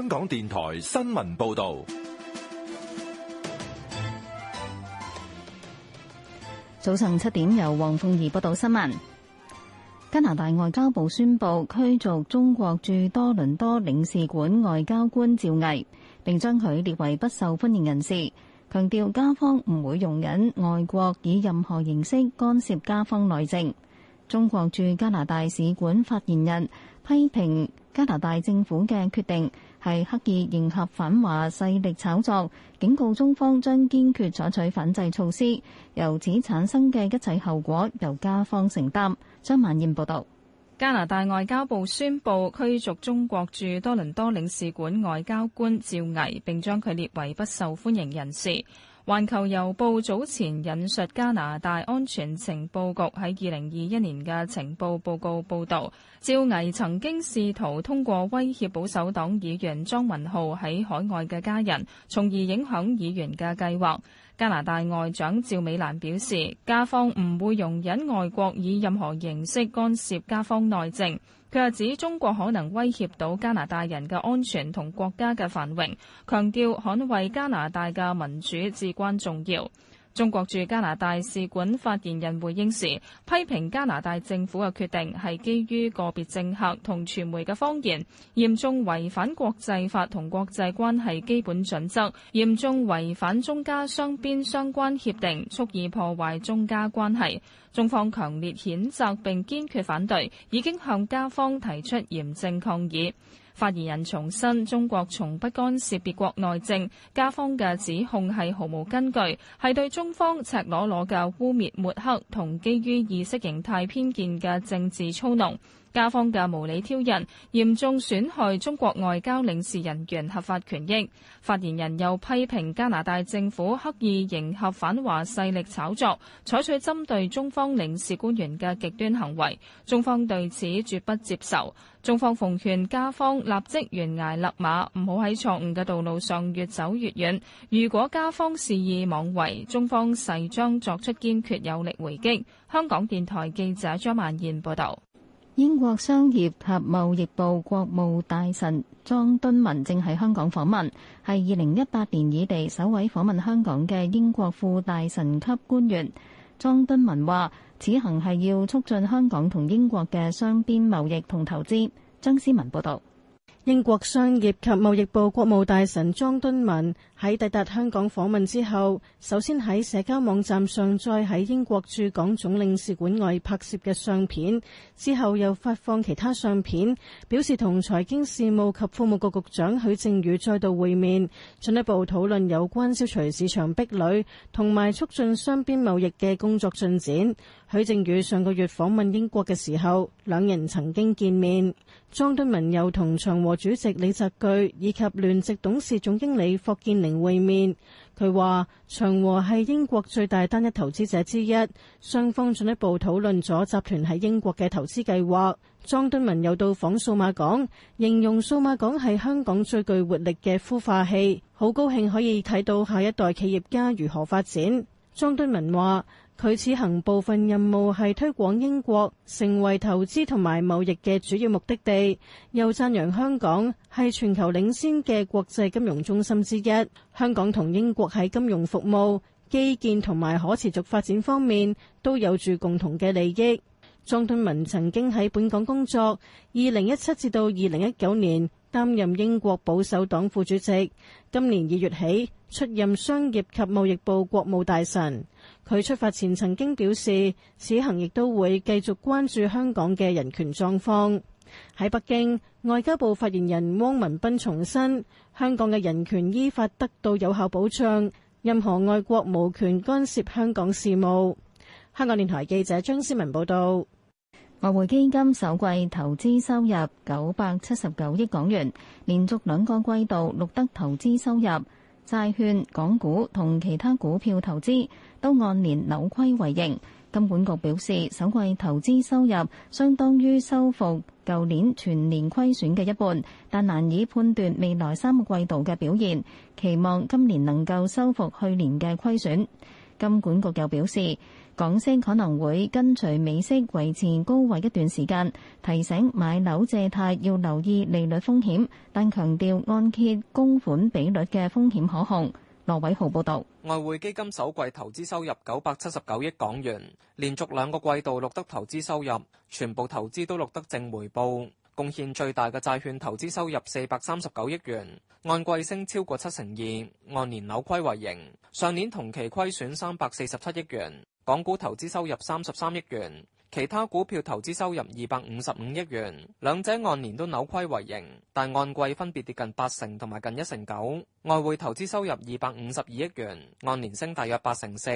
香港電台新聞報道，早上七點由王鳳儀報道新聞。加拿大外交部宣布驅逐中國駐多倫多領事館外交官趙毅，並將佢列為不受歡迎人士，強調加方唔會容忍外國以任何形式干涉加方內政。中國駐加拿大使館發言人批評加拿大政府嘅決定。係刻意迎合反華勢力炒作，警告中方將堅決採取反制措施，由此產生嘅一切後果由加方承擔。張曼燕報道。加拿大外交部宣布驅逐中國駐多倫多領事館外交官趙毅，並將佢列為不受歡迎人士。環球郵報早前引述加拿大安全情報局喺二零二一年嘅情報報告報道，趙毅曾經試圖通過威脅保守黨議員莊文浩喺海外嘅家人，從而影響議員嘅計劃。加拿大外長趙美蘭表示，加方唔會容忍外國以任何形式干涉加方內政。佢又指中國可能威脅到加拿大人嘅安全同國家嘅繁榮，強調捍衛加拿大嘅民主至關重要。中國駐加拿大使館發言人回應時批評加拿大政府嘅決定係基於個別政客同傳媒嘅謊言，嚴重違反國際法同國際關係基本準則，嚴重違反中加雙邊相關協定，蓄意破壞中加關係。中方強烈譴責並堅決反對，已經向加方提出嚴正抗議。發言人重申，中國從不干涉別國內政，加方嘅指控係毫無根據，係對中方赤裸裸嘅污蔑抹黑同基於意識形態偏見嘅政治操弄。加方嘅無理挑釁，嚴重損害中國外交領事人員合法權益。發言人又批評加拿大政府刻意迎合反華勢力炒作，採取針對中方領事官員嘅極端行為。中方對此絕不接受。中方奉勸加方立即懸崖勒馬，唔好喺錯誤嘅道路上越走越遠。如果加方肆意妄為，中方勢將作出堅決有力回擊。香港電台記者張曼燕報道。英國商業及貿易部國務大臣莊敦文正喺香港訪問，係二零一八年以嚟，首位訪問香港嘅英國副大臣級官員。莊敦文話，此行係要促進香港同英國嘅雙邊貿易同投資。張思文報道。英國商業及貿易部國務大臣莊敦文喺抵達香港訪問之後，首先喺社交網站上載喺英國駐港總領事館外拍攝嘅相片，之後又發放其他相片，表示同財經事務及庫務局局長許正宇再度會面，進一步討論有關消除市場壁壘同埋促進雙邊貿易嘅工作進展。許正宇上個月訪問英國嘅時候，兩人曾經見面，莊敦文又同長和主席李澤鉅以及聯席董事總經理霍建寧會面。佢話：長和係英國最大單一投資者之一，雙方進一步討論咗集團喺英國嘅投資計劃。莊敦文又到訪數碼港，形容數碼港係香港最具活力嘅孵化器，好高興可以睇到下一代企業家如何發展。莊敦文話。佢此行部分任務係推廣英國成為投資同埋貿易嘅主要目的地，又讚揚香港係全球領先嘅國際金融中心之一。香港同英國喺金融服務、基建同埋可持續發展方面都有住共同嘅利益。莊敦文曾經喺本港工作，二零一七至到二零一九年擔任英國保守黨副主席，今年二月起出任商業及貿易部國務大臣。佢出發前曾經表示，此行亦都會繼續關注香港嘅人權狀況。喺北京，外交部發言人汪文斌重申，香港嘅人權依法得到有效保障，任何外國無權干涉香港事務。香港電台記者張思文報道。外匯基金首季投資收入九百七十九億港元，連續兩個季度錄得投資收入。債券、港股同其他股票投資都按年扭虧為盈。金管局表示，首季投資收入相當於收復舊年全年虧損嘅一半，但難以判斷未來三個季度嘅表現。期望今年能夠收復去年嘅虧損。金管局又表示，港息可能會跟隨美息維持高位一段時間，提醒買樓借貸要留意利率風險，但強調按揭供款比率嘅風險可控。羅偉豪報導，外匯基金首季投資收入九百七十九億港元，連續兩個季度錄得投資收入，全部投資都錄得正回報，貢獻最大嘅債券投資收入四百三十九億元，按季升超過七成二，按年扭虧為盈，上年同期虧損三百四十七億元。港股投資收入三十三億元，其他股票投資收入二百五十五億元，兩者按年都扭虧為盈，但按季分別跌近八成同埋近一成九。外匯投資收入二百五十二億元，按年升大約八成四，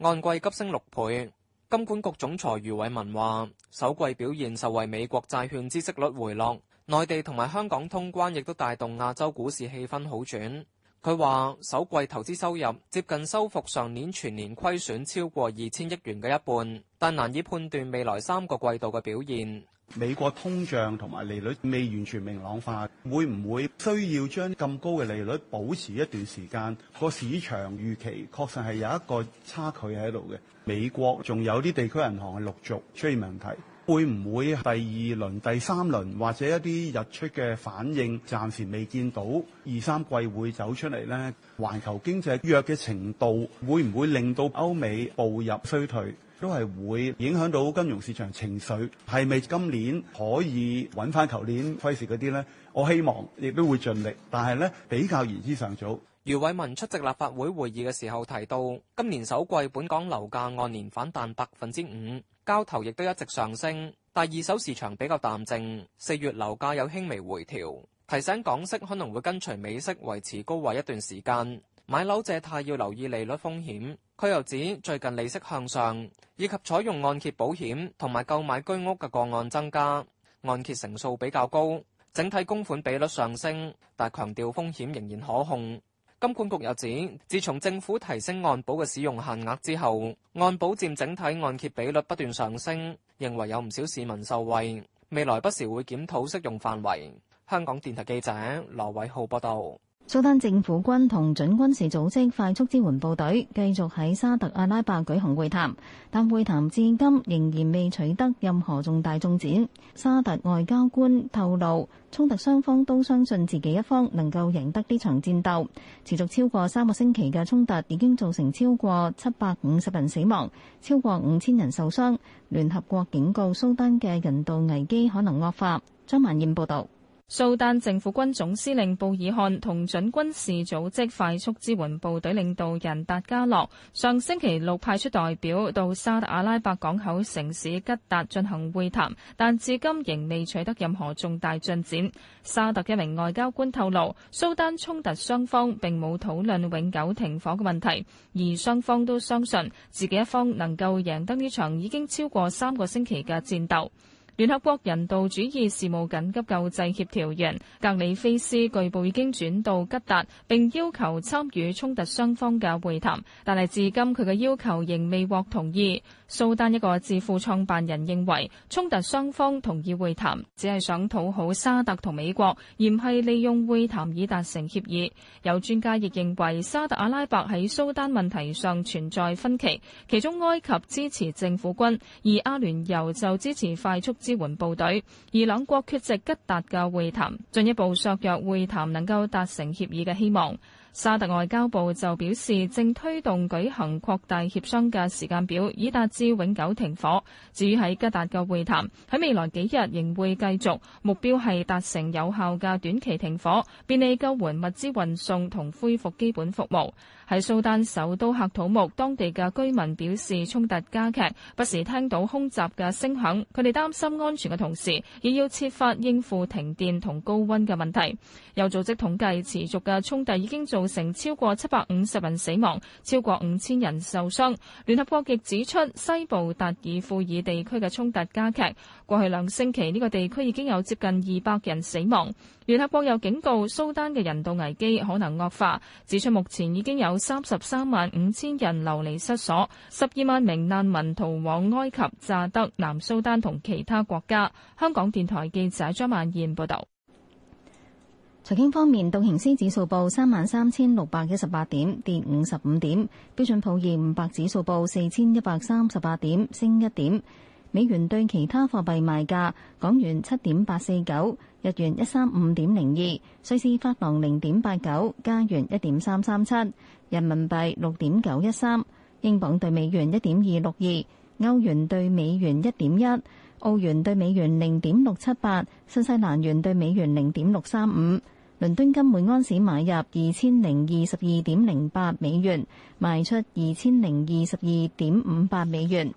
按季急升六倍。金管局總裁余偉文話：首季表現受惠美國債券孳息率回落，內地同埋香港通關亦都帶動亞洲股市氣氛好轉。佢話：首季投資收入接近收復上年全年虧損超過二千億元嘅一半，但難以判斷未來三個季度嘅表現。美國通脹同埋利率未完全明朗化，會唔會需要將咁高嘅利率保持一段時間？個市場預期確實係有一個差距喺度嘅。美國仲有啲地區銀行嘅陸續出現問題。會唔會第二輪、第三輪或者一啲日出嘅反應暫時未見到？二三季會走出嚟呢？環球經濟弱嘅程度會唔會令到歐美步入衰退？都係會影響到金融市場情緒。係咪今年可以搵翻舊年虧蝕嗰啲呢？我希望亦都會盡力，但係呢比較而言之尚早。余偉文出席立法會會議嘅時候提到，今年首季本港樓價按年反彈百分之五。交投亦都一直上升，但二手市場比較淡靜。四月樓價有輕微回調，提醒港息可能會跟隨美息維持高位一段時間。買樓借貸要留意利率風險。佢又指最近利息向上，以及採用按揭保險同埋購買居屋嘅個案增加，按揭成數比較高，整體供款比率上升，但強調風險仍然可控。金管局又指，自從政府提升按保嘅使用限額之後，按保佔整體按揭比率不斷上升，認為有唔少市民受惠，未來不時會檢討適用範圍。香港電台記者羅偉浩報道。蘇丹政府軍同準軍事組織快速支援部隊繼續喺沙特阿拉伯舉行會談，但會談至今仍然未取得任何重大進展。沙特外交官透露，衝突雙方都相信自己一方能夠贏得呢場戰鬥。持續超過三個星期嘅衝突已經造成超過七百五十人死亡，超過五千人受傷。聯合國警告蘇丹嘅人道危機可能惡化。張萬燕報導。蘇丹政府軍總司令布爾漢同準軍事組織快速支援部隊領導人達加洛上星期六派出代表到沙特阿拉伯港口城市吉達進行會談，但至今仍未取得任何重大進展。沙特一名外交官透露，蘇丹衝突雙方並冇討論永久停火嘅問題，而雙方都相信自己一方能夠贏得呢場已經超過三個星期嘅戰鬥。聯合國人道主義事務緊急救濟協調員格里菲斯據報已經轉到吉達，並要求參與衝突雙方嘅會談。但係至今佢嘅要求仍未獲同意。蘇丹一個智庫創辦人認為衝突雙方同意會談，只係想討好沙特同美國而唔係利用會談以達成協議。有專家亦認為沙特阿拉伯喺蘇丹問題上存在分歧，其中埃及支持政府軍，而阿聯酋就支持快速。支援部隊，而兩國缺席吉達嘅會談，進一步削弱會談能夠達成協議嘅希望。沙特外交部就表示，正推動舉行擴大協商嘅時間表，以達至永久停火。至於喺吉達嘅會談，喺未來幾日仍會繼續，目標係達成有效嘅短期停火，便利救援物資運送同恢復基本服務。喺蘇丹首都喀土穆，當地嘅居民表示衝突加劇，不時聽到空襲嘅聲響。佢哋擔心安全嘅同時，亦要設法應付停電同高溫嘅問題。有組織統計，持續嘅衝突已經造成超過七百五十人死亡，超過五千人受傷。聯合國亦指出，西部達爾富爾地區嘅衝突加劇，過去兩星期呢個地區已經有接近二百人死亡。聯合國又警告蘇丹嘅人道危機可能惡化，指出目前已經有三十三萬五千人流離失所，十二萬名難民逃往埃及、乍得、南蘇丹同其他國家。香港電台記者張曼燕報道。財經方面，道瓊斯指數報三萬三千六百一十八點，跌五十五點；標準普爾五百指數報四千一百三十八點，升一點。美元對其他貨幣賣價：港元七點八四九，日元一三五點零二，瑞士法郎零點八九，加元一點三三七，人民幣六點九一三，英鎊對美元一點二六二，歐元對美元一點一，澳元對美元零點六七八，新西蘭元對美元零點六三五。倫敦金每安士買入二千零二十二點零八美元，賣出二千零二十二點五八美元。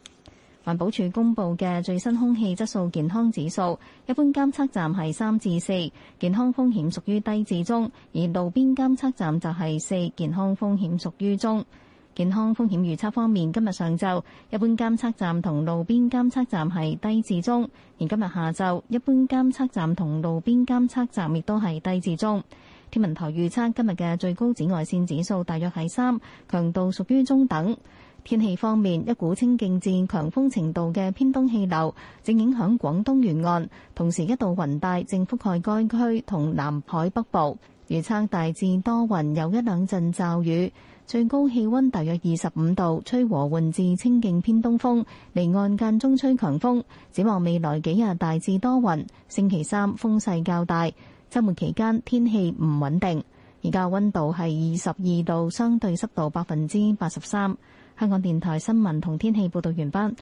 環保署公布嘅最新空氣質素健康指數，一般監測站係三至四，健康風險屬於低至中；而路邊監測站就係四，健康風險屬於中。健康風險預測方面，今日上晝一般監測站同路邊監測站係低至中，而今日下晝一般監測站同路邊監測站亦都係低至中。天文台預測今日嘅最高紫外線指數大約係三，強度屬於中等。天氣方面，一股清勁至強風程度嘅偏東氣流正影響廣東沿岸，同時一道雲帶正覆蓋該區同南海北部。預測大致多雲，有一兩陣驟雨，最高氣溫大約二十五度，吹和緩至清勁偏東風，離岸間中吹強風。展望未來幾日大致多雲，星期三風勢較大，周末期間天氣唔穩定。而家溫度係二十二度，相對濕度百分之八十三。香港電台新聞同天氣報導完畢。